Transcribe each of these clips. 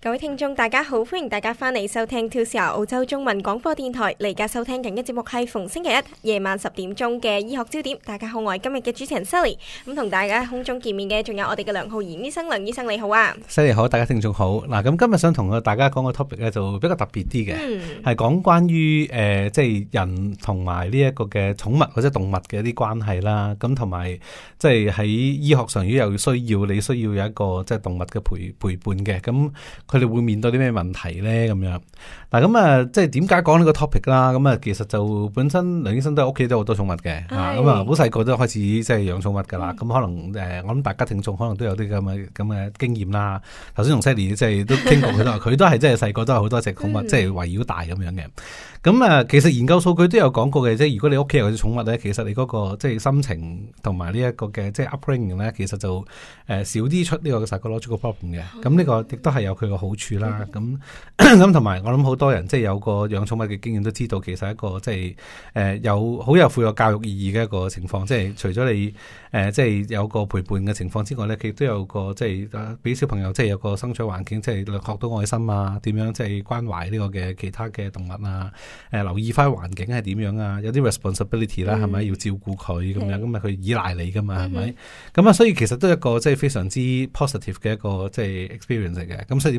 各位聽眾大家好，歡迎大家翻嚟收聽 Tomorrow 澳洲中文廣播電台。嚟家收聽緊嘅節目係逢星期一夜晚十點鐘嘅醫學焦點。大家好，我係今日嘅主持人 Sally，咁同大家喺空中見面嘅仲有我哋嘅梁浩然醫生，梁醫生你好啊！Sally 好，大家聽眾好。嗱，咁今日想同大家講個 topic 咧就比較特別啲嘅，係講關於誒即係人同埋呢一個嘅寵物或者動物嘅一啲關係啦。咁同埋即係喺醫學上邊又需要你需要有一個即係動物嘅陪陪伴嘅咁。佢哋會面對啲咩問題咧？咁樣，嗱咁啊，即係點解講呢個 topic 啦？咁啊，其實就本身梁醫生都喺屋企都好多寵物嘅嚇，咁的啊好細個都開始即係養寵物噶啦。咁的可能誒、呃，我諗大家聽眾可能都有啲咁嘅咁嘅經驗啦。頭先同 Sandy 即係都傾過佢 都話，佢都係即係細個都係好多隻寵物， 即係圍繞大咁樣嘅。咁啊，其實研究數據都有講過嘅，即係如果你屋企有隻寵物咧，其實你嗰、那個即係心情同埋呢一個嘅即係 upbringing 咧，ring, 其實就誒少啲出呢個 psychological< 的> problem 嘅。咁呢個亦都係有佢個。好處啦，咁咁同埋，嗯嗯、我諗好多人即係有個養寵物嘅經驗都知道，其實一個即係誒有好有富有教育意義嘅一個情況，即係除咗你誒即係有個陪伴嘅情況之外咧，佢亦都有個即係俾小朋友即係有個生長環境，即係學到愛心啊，點樣即係關懷呢個嘅其他嘅動物啊，誒、呃、留意翻環境係點樣啊，有啲 responsibility 啦、啊，係咪、嗯、要照顧佢咁樣咁啊佢依賴你噶嘛，係咪？咁啊，所以其實都係一個即係非常之 positive 嘅一個即係 experience 嚟嘅。咁所以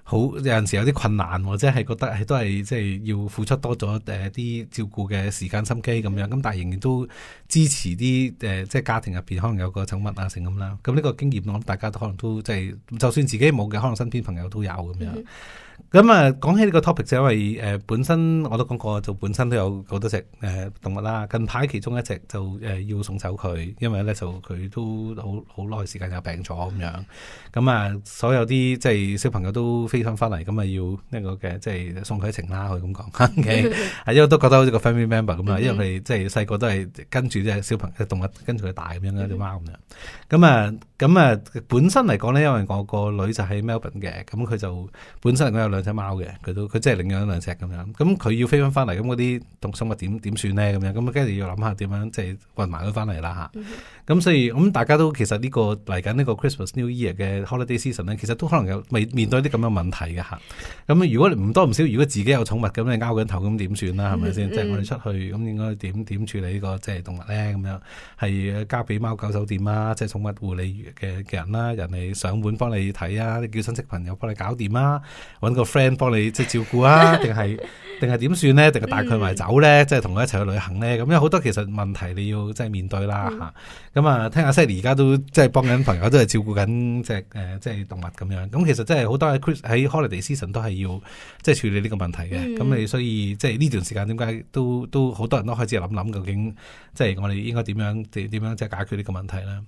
好有陣時有啲困難、啊，或者係覺得係都係即係要付出多咗誒啲照顧嘅時間心機咁樣，咁但係仍然都支持啲誒、呃、即係家庭入邊可能有個寵物啊成咁啦，咁呢個經驗我諗大家都可能都即係就算自己冇嘅，可能身邊朋友都有咁樣。咁、嗯、啊，講起呢個 topic 就因為誒、呃、本身我都講過，就本身都有好多隻誒、呃、動物啦、啊。近排其中一隻就誒、呃、要送走佢，因為咧就佢都好好耐時間有病咗咁樣。咁啊，所有啲即係小朋友都。飛返返嚟咁啊，要呢個嘅即係送佢一程啦，可以咁講。因為我都覺得好似個 family member 咁啊，因為佢哋即係細個都係跟住即係小朋友動物跟住佢大咁樣啦，隻貓咁樣。咁啊，咁啊本身嚟講呢，因為我個女就喺 Melbourne 嘅，咁佢就本身嚟講有兩隻貓嘅，佢都佢真係領養兩隻咁樣。咁佢要飛返返嚟，咁嗰啲動物點點算呢？咁樣咁跟住要諗下點樣即係運埋佢返嚟啦嚇。咁、嗯哼嗯、所以咁、嗯、大家都其實呢、呢個嚟緊呢個 Christmas New Year 嘅 Holiday Season 咧，其實都可能有未面對啲咁嘅問題。問題嘅吓，咁、嗯、如果唔多唔少，如果自己有寵物咁，你拗緊頭咁點算啦？係咪先？即係、嗯、我哋出去咁，應該點點處理呢、這個即係、就是、動物咧？咁樣係交俾貓狗酒店啦、啊，即係寵物護理嘅嘅人啦、啊，人哋上門幫你睇啊，你叫親戚朋友幫你搞掂啊，搵個 friend 幫你即係、就是、照顧啊，定係定係點算咧？定係帶佢埋走咧？即係同佢一齊去旅行咧？咁有好多其實問題你要即係、就是、面對啦吓。咁啊、嗯，聽阿 Sally 而家都即係幫緊朋友都係照顧緊隻誒即係動物咁樣。咁其實真係好多喺 holiday season 都係要即係、就是、處理呢個問題嘅，咁、嗯、你所以即係呢段時間點解都都好多人都開始諗諗究竟即係、就是、我哋應該點樣點點樣即係解決呢個問題咧？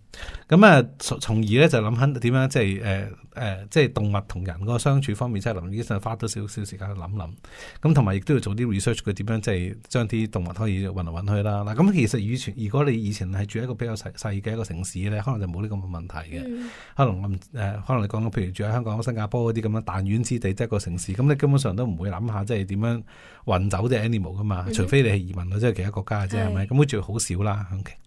咁啊，從而咧就諗緊點樣，即係誒誒，即係動物同人個相處方面，即係林醫生花多少少時間去諗諗。咁同埋亦都要做啲 research，佢點樣即係將啲動物可以運來運去啦。嗱、啊，咁、嗯嗯、其實以前如果你以前係住一個比較細細嘅一個城市咧，可能就冇呢咁嘅問題嘅。可能我誒、呃，可能你講緊譬如住喺香港、新加坡嗰啲咁樣彈丸之地，即、就、係、是、個城市，咁、嗯、你根本上都唔會諗下即係點樣運走啲 animal 噶嘛。除非你係移民咗即係其他國家啫，係咪是？咁好住好少啦。Okay。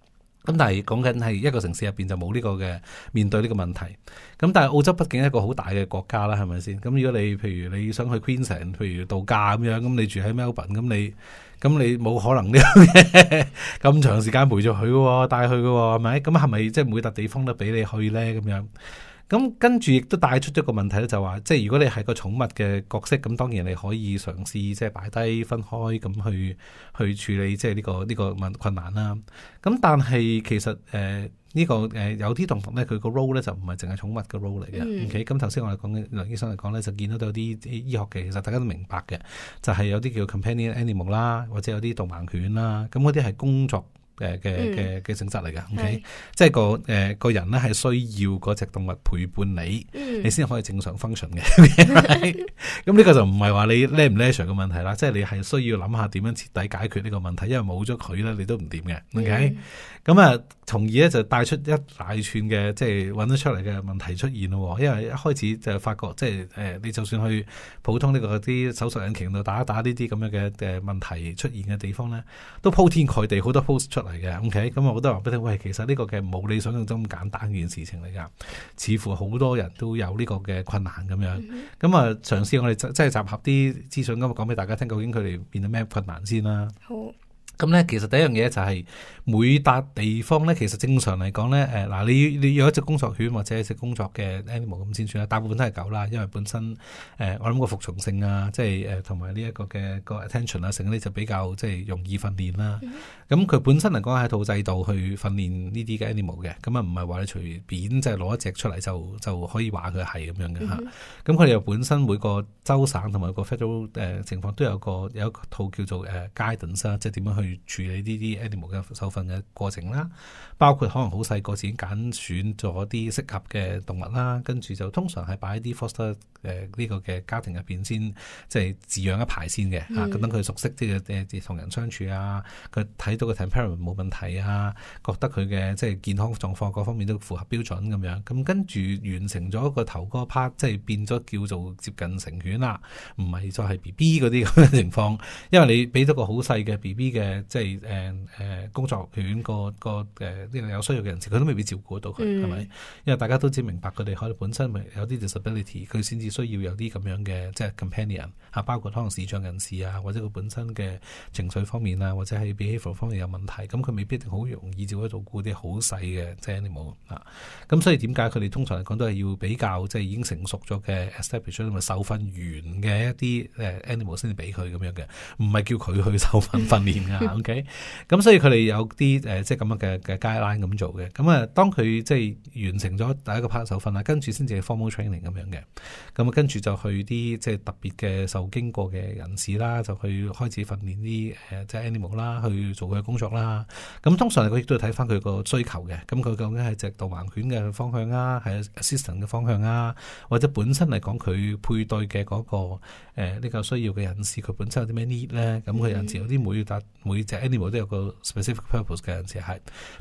咁但係講緊係一個城市入邊就冇呢個嘅面對呢個問題。咁但係澳洲畢竟係一個好大嘅國家啦，係咪先？咁如果你譬如你想去 Queensland 譬如度假咁、嗯嗯嗯、樣，咁你住喺 Melbourne，咁你咁你冇可能呢樣咁長時間陪住佢嘅，帶佢嘅，係咪？咁係咪即係每笪地方都俾你去咧？咁樣？咁跟住亦都帶出咗一個問題咧，就話即係如果你係個寵物嘅角色，咁當然你可以嘗試即係擺低分開咁去去處理即係呢個呢個問困難啦。咁但係其實誒呢個誒有啲動物咧，佢個 role 咧就唔係淨係寵物嘅 role 嚟嘅。OK，咁頭先我哋講，梁醫生嚟講咧，就見到有啲醫學嘅，其實大家都明白嘅，就係有啲叫 companion animal 啦，或者有啲導盲犬啦，咁嗰啲係工作。誒嘅嘅嘅性質嚟噶，OK，即係個誒、呃、個人咧係需要嗰隻動物陪伴你，嗯、你先可以正常 function 嘅。 咁呢個 就唔係話你叻唔叻嘅問題啦，即係你係需要諗下點樣徹底解決呢個問題，因為冇咗佢咧，你都唔掂嘅，OK、嗯。咁啊、嗯。從而咧就帶出一大串嘅即係揾得出嚟嘅問題出現咯，因為一開始就發覺即係誒、呃、你就算去普通呢個啲手術引擎度打一打呢啲咁樣嘅誒問題出現嘅地方咧，都鋪天蓋地好多 post 出嚟嘅，OK？咁啊好多話俾你聽，喂，其實呢個嘅冇你想象中咁簡單一件事情嚟㗎，似乎好多人都有呢個嘅困難咁樣。咁、嗯、啊，上、嗯、次我哋即係集合啲資訊咁啊，講俾大家聽，究竟佢哋遇咗咩困難先啦？好。咁咧，其實第一樣嘢就係、是、每笪地方咧，其實正常嚟講咧，誒、呃、嗱，你你有一隻工作犬或者一隻工作嘅 animal 咁先算啦。大部分都係狗啦，因為本身誒、呃、我諗個服從性啊，即係誒同埋呢一個嘅個 attention 啊，性咧就比較即係容易訓練啦。咁佢、mm hmm。本身嚟講係一套制度去訓練呢啲嘅 animal 嘅，咁啊唔係話你隨便即係攞一隻出嚟就就可以話佢係咁樣嘅吓，咁佢哋又本身每個州省同埋個 federal 誒、呃、情況都有個有一套叫做誒 guidance 啦，即係點樣去。處理呢啲 animal 嘅手份嘅過程啦，包括可能好細個時揀選咗啲適合嘅動物啦，跟住就通常係擺喺啲 foster 誒呢個嘅家庭入邊先，即係飼養一排先嘅，吓咁等佢熟悉啲嘅誒同人相處啊，佢睇到個 temperament 冇問題啊，覺得佢嘅即係健康狀況各方面都符合標準咁樣，咁跟住完成咗個頭嗰 part，即係變咗叫做接近成犬啦，唔係再係 B B 嗰啲咁嘅情況，因為你俾咗個好細嘅 B B 嘅。即係誒誒工作犬個個誒呢個，個、呃、有需要嘅人士，佢都未必照顧到佢，係咪、嗯？因為大家都知明白佢哋可能本身咪有啲 disability，佢先至需要有啲咁樣嘅即係 companion。包括可能視障人士啊，或者佢本身嘅情緒方面啊，或者喺 behavior 方面有問題，咁佢未必一定好容易照就可、是、以做顧啲好細嘅 animal 啊。咁所以點解佢哋通常嚟講都係要比較即係已經成熟咗嘅 establishment 咪受訓完嘅一啲誒 animal 先至俾佢咁樣嘅，唔係叫佢去受訓訓練㗎、啊。OK，咁 所以佢哋有啲誒、呃、即係咁樣嘅嘅 guideline 咁做嘅。咁啊，當佢即係完成咗第一個 part 受訓啊，跟住先至 formal training 咁樣嘅。咁啊，跟住就去啲即係特別嘅受經過嘅人士啦，就去開始訓練啲誒，即係 animal 啦，去做佢嘅工作啦。咁通常佢亦都要睇翻佢個需求嘅。咁佢究竟係隻導盲犬嘅方向啊，係 assistant 嘅方向啊，或者本身嚟講佢配對嘅嗰、嗰個誒，呢、呃呢個需要嘅人士佢本身有啲咩 need 咧？咁佢有陣時有啲每隻、mm. 每隻 animal 都有個 specific purpose 嘅人士係，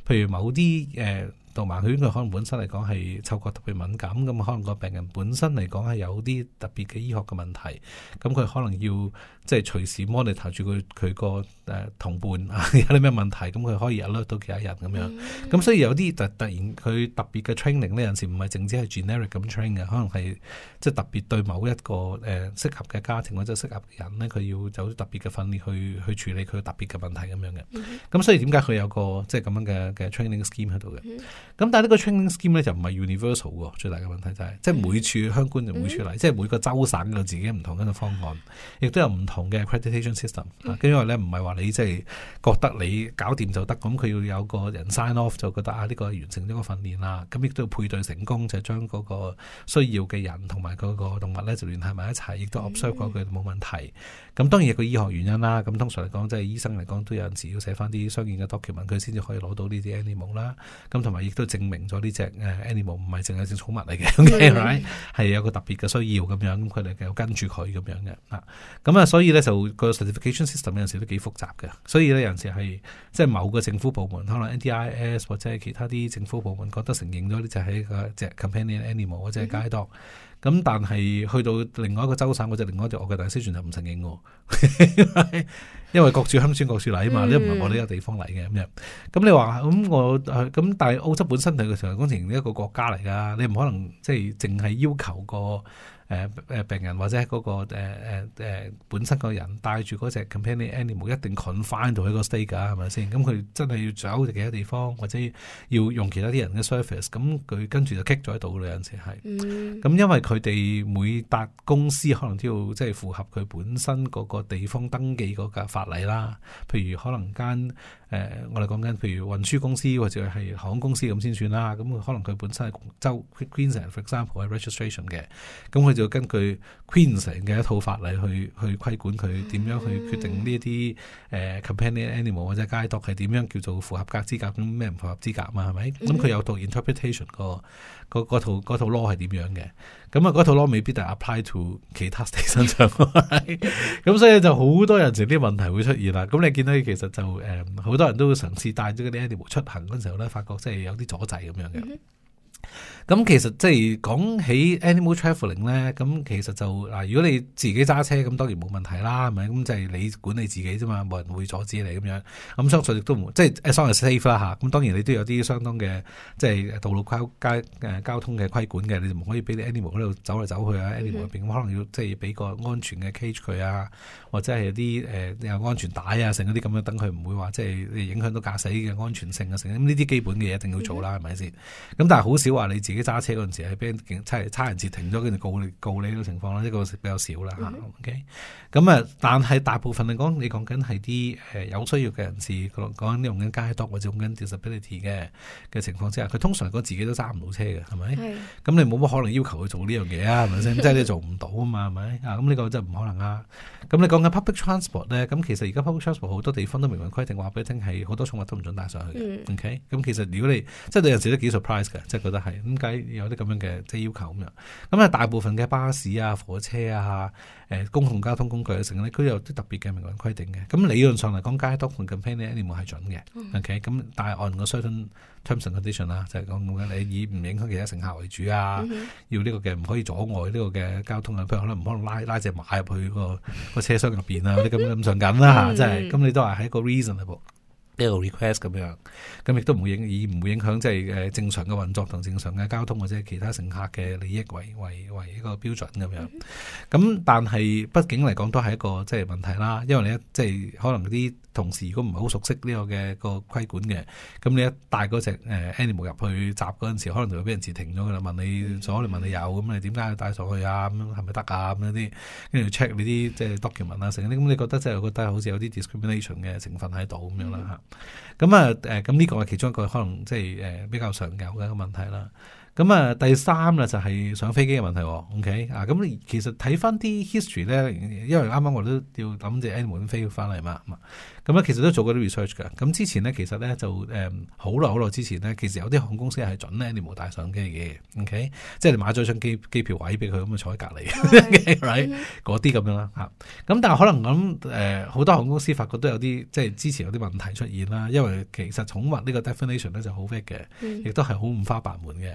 譬如某啲誒。呃導盲犬佢可能本身嚟講係嗅覺特別敏感，咁可能個病人本身嚟講係有啲特別嘅醫學嘅問題，咁佢可能要即係隨時 monitor 住佢佢個誒同伴有啲咩問題，咁佢可以 alert 到其他人咁樣。咁、嗯、所以有啲突然佢特別嘅 training 呢，有陣時唔係淨止係 generic 咁 train 嘅，可能係即係特別對某一個誒、呃、適合嘅家庭或者適合嘅人呢，佢要走特別嘅訓練去去處理佢特別嘅問題咁樣嘅。咁、嗯、所以點解佢有個即係咁樣嘅嘅 training scheme 喺度嘅？嗯咁但係呢個 training scheme 咧就唔係 universal 喎，最大嘅問題就係、是嗯、即係每處相關就每處嚟，嗯、即係每個州省有自己唔同一個方案，亦都有唔同嘅 accreditation system、嗯。跟住咧唔係話你即係、就是、覺得你搞掂就得，咁佢要有個人 sign off 就覺得啊呢、這個完成呢個訓練啦，咁亦都要配對成功就將、是、嗰個需要嘅人同埋嗰個動物咧就聯繫埋一齊，亦都 observe 過佢冇問題。咁、嗯、當然有個醫學原因啦。咁通常嚟講即係醫生嚟講都有陣時要寫翻啲相關嘅 document 佢先至可以攞到呢啲 animal 啦。咁同埋都證明咗呢隻誒 animal 唔係淨係隻寵物嚟嘅，係、okay, right? mm hmm. 有個特別嘅需要咁樣，佢哋繼續跟住佢咁樣嘅。啊，咁、嗯、啊，所以咧就、這個 certification system 有陣時都幾複雜嘅，所以咧有陣時係即係某個政府部門可能 NDIS 或者係其他啲政府部門覺得承認咗呢隻係一隻 companion animal、mm hmm. 或者係 guide dog。咁但係去到另外一個州省，我就另外一隻我嘅大師船就唔承認喎， 因為各處鄉村各處嚟啊嘛，你唔係我呢個地方嚟嘅咁樣。咁你話咁我咁，但係澳洲本身係個長江工程一個國家嚟㗎，你唔可能即係淨係要求個。誒誒病人或者係、那、嗰個誒、呃呃、本身個人帶住嗰隻 company animal 一定 confined 到佢個 stage 啊，係咪先？咁佢真係要走其他地方，或者要用其他啲人嘅 service，咁佢跟住就棘咗喺度啦。有陣時係，咁因為佢哋每達公司可能都要即係符合佢本身嗰個地方登記嗰個法例啦，譬如可能間。誒、呃，我哋講緊譬如運輸公司或者係航空公司咁先算啦。咁、嗯、佢可能佢本身係州 Queensland，for example 係 registration 嘅。咁、嗯、佢就根據 Queensland 嘅一套法例去去規管佢點樣去決定呢一啲誒、呃、companion animal 或者街道係點樣叫做符合格資格，咁咩唔符合資格啊？係咪？咁、嗯、佢、嗯嗯、有套 interpretation 個套個套 law 係點樣嘅？咁啊，嗰、嗯、套咯未必就係 apply to 其他 state 身上，咁、 嗯、所以就好多人成啲問題會出現啦。咁你見到其實就誒好、嗯、多人都會嘗試帶咗嗰啲 animal 出行嗰時候咧，發覺即係有啲阻滯咁樣嘅。Mm hmm. 咁、嗯、其實即係講起 animal traveling 咧，咁其實就嗱，如果你自己揸車咁，當然冇問題啦，係咪？咁就係你管理自己啫嘛，冇人會阻止你咁樣。咁相信亦都唔即係，sorry safe 啦吓。咁當然你都有啲相當嘅即係道路交通嘅規管嘅，你就唔可以俾你 animal 喺度走嚟走去啊！animal 入邊可能要即係要俾個安全嘅 cage 佢啊，或者係有啲誒安全帶啊，剩嗰啲咁樣等佢唔會話即係影響到駕駛嘅安全性啊，剩咁呢啲基本嘅嘢一定要做啦，係咪先？咁但係好少。話你自己揸車嗰陣時警，係俾人差人截停咗，跟住告你告你呢個情況啦，呢、這個比較少啦吓。咁、mm hmm. 啊，okay? 但係大部分嚟講，你講緊係啲誒有需要嘅人士，講講緊用緊街道或者用緊 disability 嘅嘅情況之下，佢通常個自己都揸唔到車嘅，係咪？咁、mm hmm. 你冇乜可能要求佢做呢樣嘢啊？係咪先？即係你做唔到啊嘛？係咪咁呢個真唔可能啊！咁你講緊 public transport 咧，咁其實而家 public transport 好多地方都明文規定話俾你聽，係好多寵物都唔准帶上去嘅。Mm hmm. OK，咁其實如果你即係你有時都幾 surprise 嘅，即係覺得。係點解有啲咁樣嘅即係要求咁樣？咁啊，大部分嘅巴士啊、火車啊、誒、呃、公共交通工具嘅成咧，都有啲特別嘅明文規定嘅。咁理論上嚟講，街多款嘅 plan y 一定 y 係準嘅。嗯、OK，咁但係按個 certain terms and condition 啦，就係講緊你以唔影響其他乘客為主啊。嗯、哼要呢個嘅唔可以阻礙呢個嘅交通啊，譬如可能唔可能拉拉隻馬入去、那個、嗯、個車廂入邊啊？啲咁咁上緊啦嚇， 嗯、真係，咁你都係喺個 reasonable。一個 request 咁樣，咁亦都唔會影，以唔會影響即係誒正常嘅運作同正常嘅交通或者其他乘客嘅利益為為為一個標準咁樣。咁但係畢竟嚟講都係一個即係問題啦。因為你即係可能啲同事如果唔係好熟悉呢個嘅個規管嘅，咁你一帶嗰隻、呃、animal 入去閘嗰陣時，可能就會俾人截停咗噶啦。問你所謂，你問你有咁你點解要帶上去啊？咁樣係咪得啊？咁嗰啲跟住 check 呢啲即係 document 啊，成啲咁，你覺得即係覺得好似有啲 discrimination 嘅成分喺度咁樣啦嚇。咁啊，誒，咁、這、呢個係其中一個可能即係誒、呃、比較常有嘅一個問題啦。咁啊、嗯，第三啦就係上飛機嘅問題、哦。OK 啊，咁其實睇翻啲 history 咧，因為啱啱我都要諗住澳門飛翻嚟嘛。嗯咁其實都做過啲 research 嘅。咁之前呢，其實呢就誒好耐好耐之前呢，其實有啲航空公司係準呢，你冇帶相機嘅，OK，即係買咗張機機票位俾佢咁啊坐喺隔離，嗰啲咁樣啦嚇。咁、嗯、但係可能咁誒，好、嗯、多航空公司發覺都有啲即係之前有啲問題出現啦。因為其實寵物個呢個 definition 呢就好 fit 嘅，亦都係好五花八門嘅。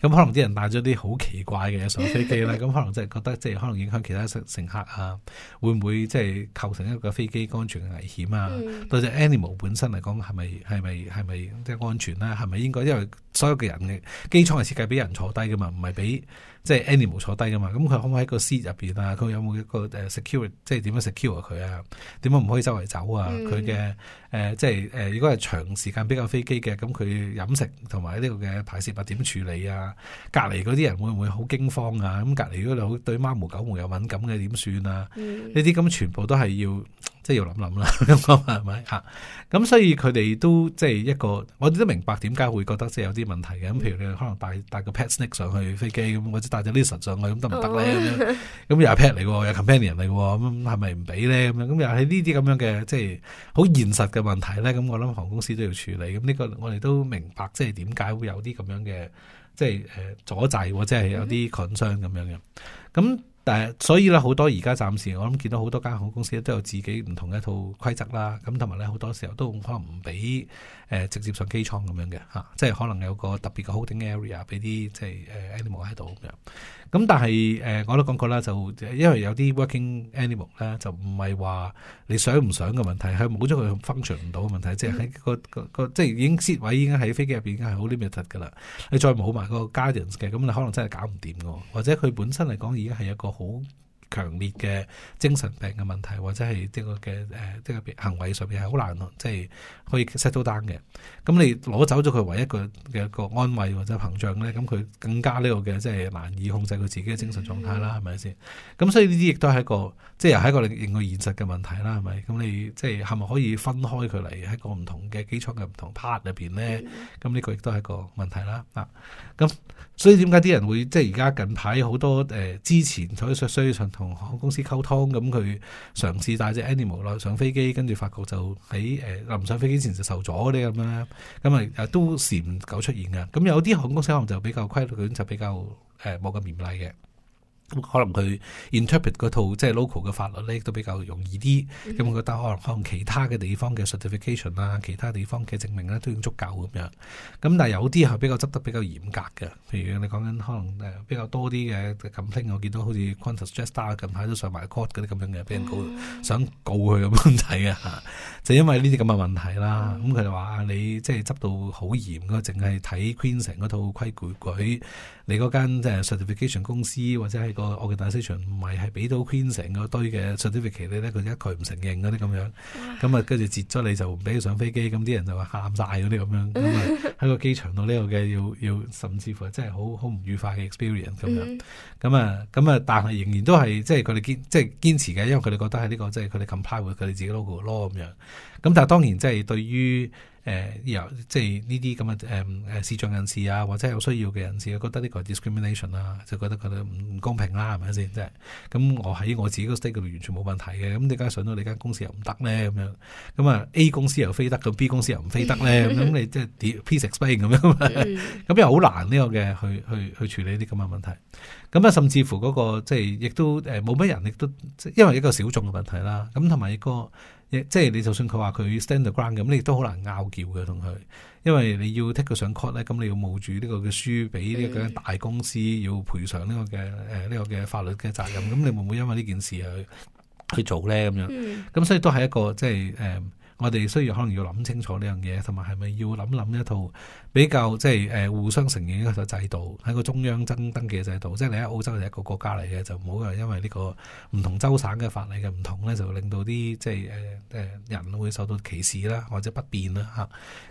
咁可能啲人帶咗啲好奇怪嘅嘢上飛機啦，咁、嗯嗯、可能即係覺得即係可能影響其他乘客啊，會唔會即係構成一個飛機安全嘅危險啊？對隻、嗯、animal 本身嚟講，係咪係咪係咪即係安全啦、啊？係咪應該？因為所有嘅人嘅機艙係設計俾人坐低噶嘛，唔係俾即係 animal 坐低噶嘛。咁、嗯、佢、嗯、可唔可以喺個 seat 入邊啊？佢有冇一個誒 secure 即係點樣 secure 佢啊？點樣唔可以周圍走啊？佢嘅誒即係誒、呃，如果係長時間比較飛機嘅，咁佢飲食同埋呢個嘅排泄物點處理啊？隔籬嗰啲人會唔會好驚慌啊？咁、嗯、隔籬如果你好對貓毛狗毛有敏感嘅，點算啊？呢啲咁全部都係要。即係要諗諗啦，咁 啊，係咪嚇？咁所以佢哋都即係一個，我哋都明白點解會覺得即係有啲問題嘅。咁譬如你可能帶帶個 pet snake 上去飛機，咁或者帶隻 lizard 上去，咁得唔得咧？咁又 pet 嚟，又 companion 嚟，咁係咪唔俾咧？咁、嗯、樣咁又係呢啲咁樣嘅，即係好現實嘅問題咧。咁我諗航空公司都要處理。咁呢個我哋都明白即，即係點解會有啲咁樣嘅，即係誒阻滯，即係有啲 concern 咁樣嘅。咁但係，所以咧好多而家暫時，我諗見到好多間航空公司都有自己唔同嘅一套規則啦。咁同埋咧，好多時候都可能唔俾誒直接上機艙咁樣嘅嚇、啊，即係可能有個特別嘅 holding area 俾啲即係誒、呃、animal 喺度咁樣。咁但係誒、呃、我都講過啦，就因為有啲 working animal 咧，就唔係話你想唔想嘅問題，係冇咗佢 function 唔到嘅問題，嗯、即係喺個個即係已經 seat 位已經喺飛機入邊已經係好 limit 噶啦。你再冇埋個 guardians 嘅，咁你可能真係搞唔掂嘅。或者佢本身嚟講已經係一個好強烈嘅精神病嘅問題，或者係呢個嘅誒，即、呃、係、這個、行為上邊係好難咯，即係可以 set 到 down 嘅。咁、嗯、你攞走咗佢唯一一個嘅一個安慰或者憑仗咧，咁、嗯、佢更加呢個嘅即係難以控制佢自己嘅精神狀態啦，係咪先？咁所以呢啲亦都係一個，即係又係一個另一個現實嘅問題啦，係咪？咁你即係係咪可以分開佢嚟喺個唔同嘅基礎嘅唔同 part 入邊咧？咁、嗯、呢、嗯嗯這個亦都係一個問題啦。啊，咁所以點解啲人會即係而家近排好多誒、呃、之前所需需航空公司溝通，咁佢嘗試帶隻 animal 咯，上飛機，跟住發覺就喺誒臨上飛機前就受阻啲咁啦，咁啊都時唔久出現嘅。咁有啲航空公司就比較規律，就比較誒冇咁嚴厲嘅。呃可能佢 interpret 嗰套即係 local 嘅法律咧，都比較容易啲。咁我覺得可能可能其他嘅地方嘅 certification 啦，其他地方嘅證明咧都已經足夠咁樣，咁但係有啲係比較執得比較嚴格嘅，譬如你講緊可能比較多啲嘅近聽我見到好似 Qantas Jetstar 近排都上埋 court 嗰啲咁樣嘅，俾人告想告佢咁樣睇啊，就因為呢啲咁嘅問題啦。咁佢就話你即係執到好嚴佢淨係睇 Quentin 嗰套規矩，佢你間即係 certification 公司或者係。個惡劇大飛場唔係係俾到簽成個堆嘅 certificate 咧，佢一概唔承認嗰啲咁樣，咁啊跟住截咗你就唔俾佢上飛機，咁啲人就話喊晒嗰啲咁樣，咁啊喺個機場度呢度嘅要要甚至乎真係好好唔愉快嘅 experience 咁樣，咁啊咁啊，但係仍然都係即係佢哋堅即係、就是、堅持嘅，因為佢哋覺得係呢個即係佢哋 comply with 佢哋自己的 logo 咯咁樣，咁但係當然即係對於。誒有即係呢啲咁嘅誒誒視障人士啊，或者有需要嘅人士、啊，覺得呢個 discrimination 啦、啊，就覺得覺得唔公平啦，係咪先即係？咁我喺我自己個 state 度完全冇問題嘅，咁點解上到你間公司又唔得咧？咁樣咁啊、嗯、A 公司又非得，咁 B 公司又唔非得咧？咁、嗯、你即係 please explain 咁樣嘛？咁又好難呢個嘅去去去，去處理啲咁嘅問題。咁、嗯、啊，甚至乎嗰、那個即係亦都誒冇乜人，亦都因為一個小眾嘅問題啦。咁同埋個。一個即係你就算佢話佢 stand ground，咁你亦都好難拗撬，嘅同佢，因為你要剔佢上 court 咧，咁你要冒住呢個嘅輸俾呢個大公司、嗯、要賠償呢個嘅誒呢個嘅法律嘅責任，咁、嗯、你會唔會因為呢件事去去做咧？咁樣，咁、嗯、所以都係一個即係誒。呃我哋需要可能要諗清楚呢樣嘢，同埋係咪要諗諗一,一套比較即係誒互相承認嘅制度，喺個中央登記記制度，即係你喺澳洲係一個國家嚟嘅，就唔好因為呢個唔同州省嘅法例嘅唔同咧，就令到啲即係誒誒人會受到歧視啦，或者不便啦吓，咁、啊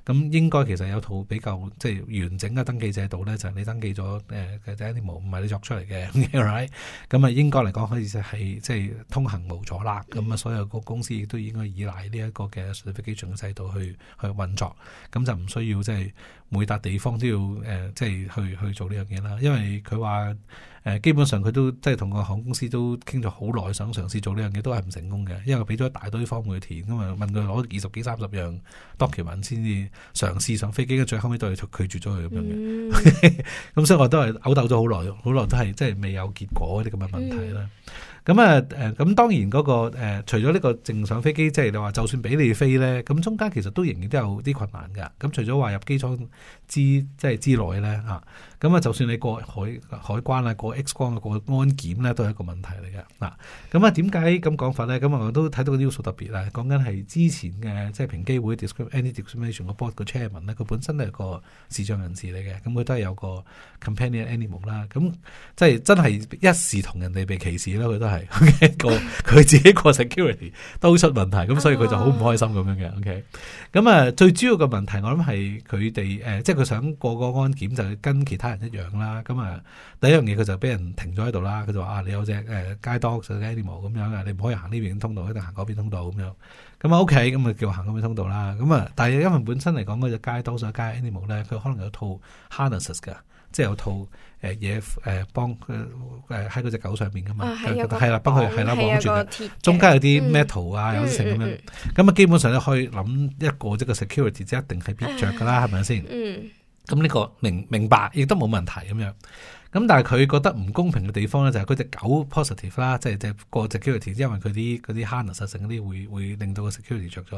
嗯、應該其實有套比較即係完整嘅登記制度咧，就係、是、你登記咗誒嘅 animal 唔係你作出嚟嘅咁嘅，咁 啊、嗯 嗯、應該嚟講可以就係即係通行無阻啦。咁、嗯、啊所有個公司亦都應該依賴呢一個嘅。飛機個制度去去運作，咁就唔需要即係。就是每笪地方都要誒、呃，即係去去做呢樣嘢啦。因為佢話誒，基本上佢都即係同個航空公司都傾咗好耐，想嘗試做呢樣嘢，都係唔成功嘅。因為俾咗一大堆方嘅填咁啊，問佢攞二十幾三十樣 document 先至嘗試上飛機，最後尾都係拒絕咗佢咁樣嘅。咁所以我都係嘔抖咗好耐，好耐都係即係未有結果嗰啲咁嘅問題啦。咁啊誒，咁、嗯呃呃、當然嗰、嗰個、呃、除咗呢個正常飛機，即係你話就算俾你飛咧，咁中間其實都仍然都有啲困難噶。咁除咗話入機艙。之即係之內咧吓。啊，咁啊，就算你過海海關啊過 X 光啊過安檢咧，都係一個問題嚟嘅嗱。咁啊，點解咁講法咧？咁啊，我都睇到個 news 特別啊，講緊係之前嘅即係平機會 describe any discrimination 個 board 個 chairman 咧，佢本身係個視障人士嚟嘅，咁佢都係有個 companion animal 啦。咁即係真係一視同人哋被歧視啦，佢都係一個佢自己個 security 都出問題咁，所以佢就好唔開心咁樣嘅。啊、OK，咁啊，最主要嘅問題我諗係佢哋誒即係佢想過個安檢就跟其他，一樣啦，咁啊，第一樣嘢佢就俾人停咗喺度啦。佢就話啊，你有隻誒、呃、街 dog animal 咁樣啊，你唔可以行呢邊通道，一定行嗰邊通道咁樣。咁啊，啊 OK，咁啊叫行嗰邊通道啦。咁啊，但係因為本身嚟講，嗰隻街 dog 或者 animal 咧，佢可能有套 harness 嘅，即係有套誒嘢誒幫佢喺嗰隻狗上面噶嘛。係啦、啊啊啊，幫佢係啦，綁住嘅。啊啊、中間有啲 metal 啊，有啲咁樣。咁啊，基本上你可以諗一個即個 security，即一定係必着噶啦，係咪先？嗯、啊。啊 咁呢個明明白，亦都冇問題咁樣。咁但係佢覺得唔公平嘅地方咧，就係佢隻狗 positive 啦，即係只過只 security，因為佢啲嗰啲 handle 實質嗰啲會會令到個 security 着咗。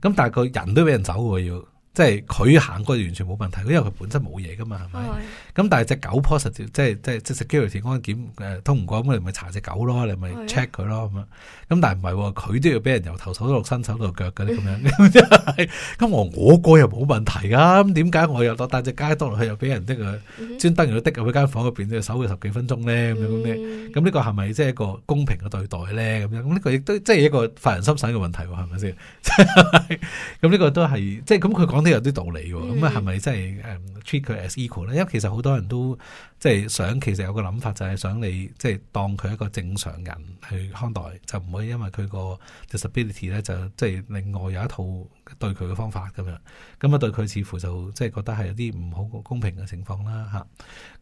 咁但係個人都俾人走喎要。即係佢行過完全冇問題，因為佢本身冇嘢噶嘛，係咪？咁、oh, right. 但係隻狗 p o 即係即係即係 security 安檢通唔過，咁你咪查隻狗咯，Yeah. 你咪 check 佢咯咁樣。咁但係唔係，佢都要俾人由頭手到落身手到腳噶咁樣。咁 我我個又冇問題啊？咁點解我又當帶隻街當落去又俾人的佢？專登、uh huh. 要的入去間房嗰邊，守佢十幾分鐘咧咁樣，咁呢個係咪即係一個公平嘅對待咧？咁樣，咁呢個亦都即係一個發人深省嘅問題喎？係咪先？咁 呢 個都係即係咁佢講。都有啲道理喎，咁啊、嗯，係咪真係誒、嗯、treat 佢 as equal 咧？因為其實好多人都即係想，其實有個諗法就係想你即係當佢一個正常人去看待，就唔可以因為佢個 disability 咧，就即係另外有一套對佢嘅方法咁樣。咁啊，對佢似乎就即係覺得係有啲唔好公平嘅情況啦嚇。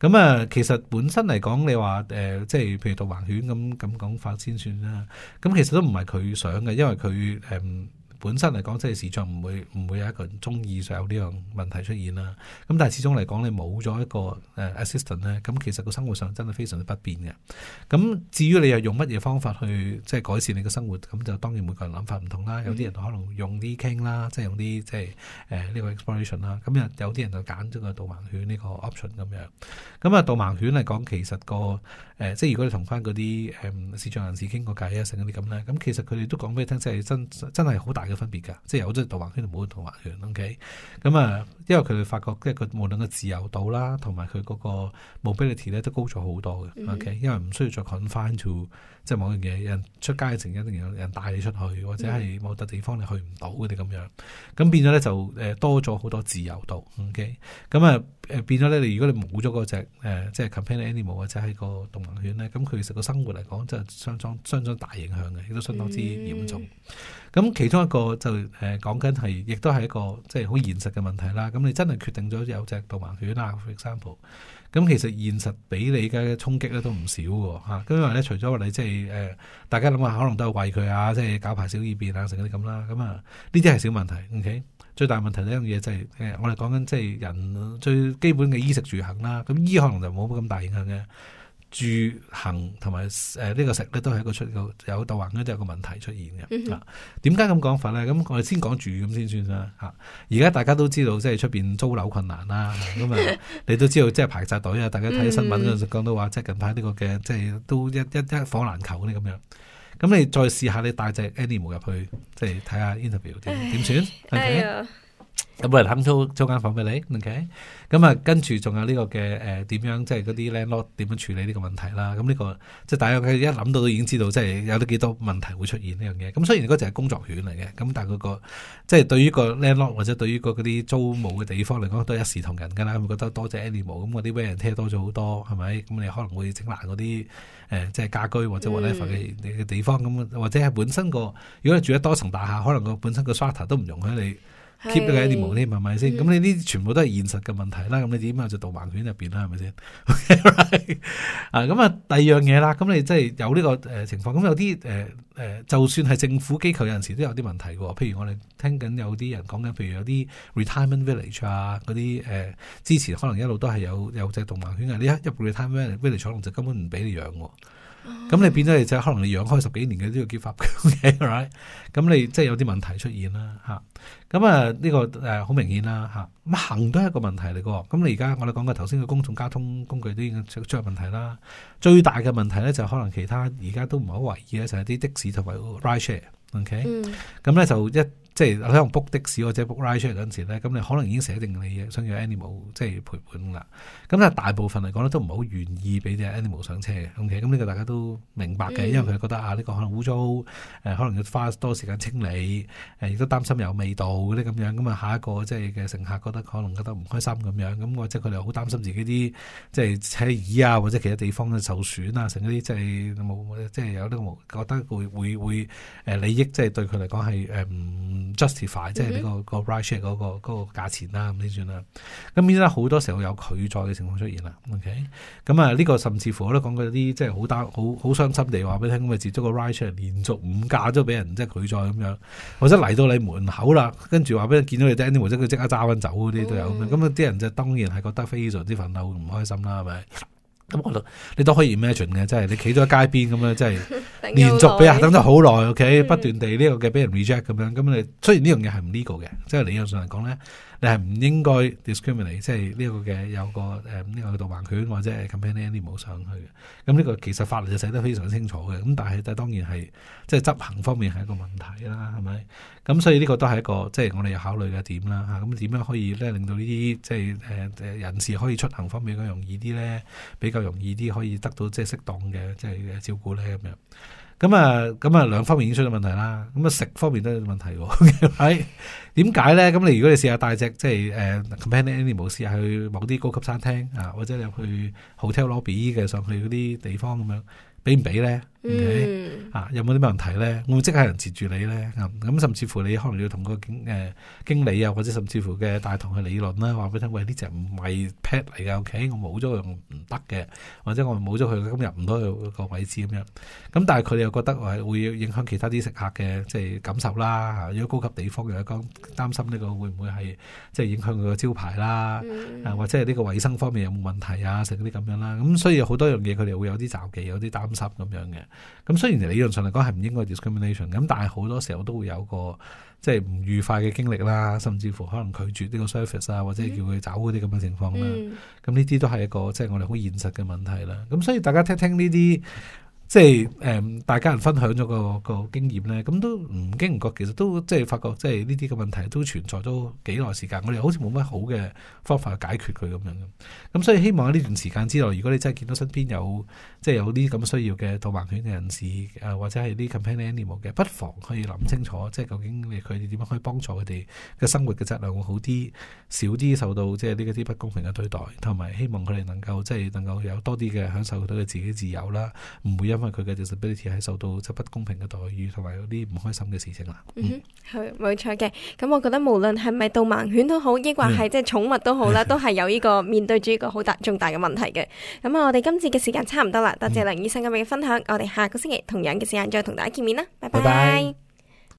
咁啊、嗯，其實本身嚟講，你話誒、呃，即係譬如導盲犬咁咁講法先算啦。咁、嗯、其實都唔係佢想嘅，因為佢誒。嗯本身嚟講，即係視障唔會唔會有一個人中意上有呢樣問題出現啦。咁但係始終嚟講你冇咗一個誒、呃、assistant 咧，咁其實個生活上真係非常之不便嘅。咁至於你又用乜嘢方法去即係改善你嘅生活，咁就當然每個人諗法唔同啦。有啲人可能用啲傾啦，即係用啲即係誒呢個 exploration 啦。咁有啲人就揀咗個導盲犬呢個 option 咁樣。咁啊導盲犬嚟講，其實個誒、呃、即係如果你同翻嗰啲誒視障人士傾個偈啊，成啲咁咧，咁其實佢哋都講俾你聽，即係真真係好大。有分別㗎，即係有咗導盲犬就冇咗導盲犬。OK，咁啊，因為佢哋發覺，即係佢無論個自由度啦，同埋佢嗰個 mobility 咧都高咗好多嘅。OK，因為唔需要再 confined to 即係某樣嘢，人出街嘅時候一定有人帶你出去，或者係某笪地方你去唔到嗰啲咁樣。咁變咗咧就誒多咗好多自由度。OK，咁啊誒變咗咧，你如果你冇咗嗰隻誒即係 companion animal 或者係個導盲犬咧，咁佢其實個生活嚟講真係相當相當大影響嘅，亦都相當之嚴重。咁其中一個。就誒講緊係，亦都係一個即係好現實嘅問題啦。咁你真係決定咗有隻導盲犬啦，for example。咁其實現實俾你嘅衝擊咧都唔少喎吓。咁、啊、因為咧除咗你即係誒、呃，大家諗下可能都要喂佢啊，即係搞排小二便啊，成啲咁啦。咁啊呢啲係小問題，ok。最大問題呢樣嘢就係、是、誒、呃，我哋講緊即係人最基本嘅衣食住行啦。咁、啊、衣可能就冇咁大影響嘅。住行同埋誒呢個食咧都係一個出口，有導航都有個問題出現嘅。點解咁講法咧？咁我哋先講住咁先算啦。嚇！而家大家都知道即係出邊租樓困難啦，啊，咁啊 你都知道即係排晒隊啊！大家睇新聞嗰陣講到話即係、嗯、哼近排呢個嘅即係都一一一房難求嗰啲咁樣。咁你再試下你帶隻 animal 入去即係睇下 Interview 點點算？有冇人肯租租間房俾你？OK，咁啊，跟住仲有呢個嘅誒，點樣即係嗰啲 landlord 點樣處理呢個問題啦？咁、嗯、呢、這個即係大家一諗到都已經知道，即係有得幾多問題會出現呢樣嘢。咁、嗯、雖然嗰隻係工作犬嚟嘅，咁但係、那、嗰個即係對於個 landlord 或者對於嗰啲租務嘅地方嚟講，都係一視同仁噶啦。咁覺得多謝 animal，咁、嗯、我啲 wear and tear 多咗好多，係咪？咁、嗯、你、嗯嗯、可能會整爛嗰啲誒，即係家居或者 whatever 嘅地方，咁或者係本身個，如果你住喺多層大廈，可能個本身個 strata 都唔容許你。keep 都係一啲毛你咪咪先。咁你呢啲全部都係現實嘅問題啦。咁你點解就導盲犬入邊啦，係咪先？ 啊，咁啊，第二樣嘢啦。咁你即係有呢、呢個誒情況。咁有啲誒誒，就算係政府機構有陣時都有啲問題嘅。譬如我哋聽緊有啲人講緊，譬如有啲 retirement village 啊，嗰啲誒，之前可能一路都係有有隻導盲犬嘅。你一入 retirement village，可能就根本唔俾你養。咁、嗯、你變咗你就可能你養開十幾年嘅都要揭發強嘅，咁、right? 你即係有啲問題出現啦，吓咁啊呢、啊這個誒好明顯啦，吓、啊、咁行都係一個問題嚟噶，咁你而家我哋講嘅頭先嘅公眾交通工具都已經出出現問題啦，最大嘅問題咧就可能其他而家都唔好懷疑咧，就係、是、啲的士同埋 ride share，OK，、okay? 咁咧、嗯、就一。即係可能 book 的士或者 book ride 出嚟嗰陣時咧，咁你可能已經寫定你想要 animal 即係陪伴啦。咁但係大部分嚟講咧都唔係好願意俾隻 animal 上車嘅。OK，咁呢個大家都明白嘅，因為佢覺得啊呢、這個可能污糟，誒、呃、可能要花多時間清理，誒、呃、亦都擔心有味道嗰啲咁樣。咁、嗯、啊下一個即係嘅乘客覺得可能覺得唔開心咁樣，咁或者佢哋好擔心自己啲、嗯、即係車椅啊或者其他地方嘅受損啊，成嗰啲即係冇即係有呢個覺得會會會誒利益即係對佢嚟講係誒唔。Justify 即係呢、這個個 ride share 嗰個嗰個價錢啦咁先算啦。咁依家好多時候有拒載嘅情況出現啦。OK，咁啊呢個甚至乎我都講過啲即係好 down 好好傷心地話俾你聽，咁啊接觸個 ride share 連續五架都俾人即係拒載咁樣，或者嚟到你門口啦，跟住話俾你見到你 dead end，或者佢即刻揸翻走嗰啲都有咁。咁啲、mm hmm. 人就當然係覺得非常之憤怒唔開心啦，係咪？咁我度，你都可以 imagine 嘅，即係你企咗喺街邊咁樣，即係連續俾人 等咗好耐，OK，< 是的 S 2> 不斷地呢個嘅俾人 reject 咁樣，咁你雖然呢樣嘢係唔 legal 嘅，即係理論上嚟講咧。你係唔應該 discriminate，即係呢個嘅有個誒呢、呃這個導盲犬或者 companion 啲冇上去嘅，咁、嗯、呢、這個其實法律就寫得非常清楚嘅，咁但係都當然係即係執行方面係一個問題啦，係咪？咁所以呢個都係一個即係我哋要考慮嘅點啦嚇，咁點樣可以咧令到呢啲即係誒誒人士可以出行方面更容易啲咧，比較容易啲可以得到即係適當嘅即係照顧咧咁樣。咁啊，咁啊、嗯嗯，兩方面已經出咗問題啦。咁、嗯、啊，食方面都有問題喎、啊。係點解咧？咁、嗯、你如果你試下帶隻，即係誒，companion animal 試下去某啲高級餐廳啊，或者你入去 hotel lobby 嘅，上去嗰啲地方咁樣，俾唔俾咧？Okay? 嗯、啊，有冇啲問題咧？會唔會即刻人截住你咧？咁、嗯嗯、甚至乎你可能你要同個經誒、呃、經理啊，或者甚至乎嘅大堂去理論啦，話俾佢聽，喂，呢隻唔係 pet 嚟噶，OK，我冇咗佢唔得嘅，或者我冇咗佢今日唔到個位置咁樣。咁但係佢哋又覺得，誒，會影響其他啲食客嘅即係感受啦。如、啊、果高級地方又係擔心呢個會唔會係即係影響佢個招牌啦、嗯啊，或者係呢個衛生方面有冇問題啊？成啲咁樣啦。咁、啊啊嗯、所以好多樣嘢，佢哋會有啲忌，有啲擔心咁樣嘅。咁雖然理論上嚟講係唔應該 discrimination，咁但係好多時候都會有個即係唔愉快嘅經歷啦，甚至乎可能拒絕呢個 service 啊，或者叫佢走嗰啲咁嘅情況啦。咁呢啲都係一個即係我哋好現實嘅問題啦。咁所以大家聽聽呢啲。即係誒，大家人分享咗個個經驗咧，咁都唔經唔覺，其實都即係發覺，即係呢啲嘅問題都存在咗幾耐時間，我哋好似冇乜好嘅方法去解決佢咁樣。咁、嗯、所以希望喺呢段時間之內，如果你真係見到身邊有即係有啲咁需要嘅導盲犬嘅人士，誒、啊、或者係啲 companion animal 嘅，不妨可以諗清楚，即係究竟佢哋點樣可以幫助佢哋嘅生活嘅質量會好啲，少啲受到即係呢啲不公平嘅對待，同埋希望佢哋能夠即係能夠有多啲嘅享受到佢自己自由啦，唔會有。因為佢嘅 disability 係受到即不公平嘅待遇同埋有啲唔開心嘅事情啦。嗯，係冇錯嘅。咁我覺得無論係咪導盲犬都好，抑或係即係寵物都好啦，都係有呢個面對住一個好大重大嘅問題嘅。咁啊、嗯，我哋今次嘅時間差唔多啦，多謝梁醫生今日嘅分享，嗯、我哋下個星期同樣嘅時間再同大家見面啦，拜拜。拜拜拜拜。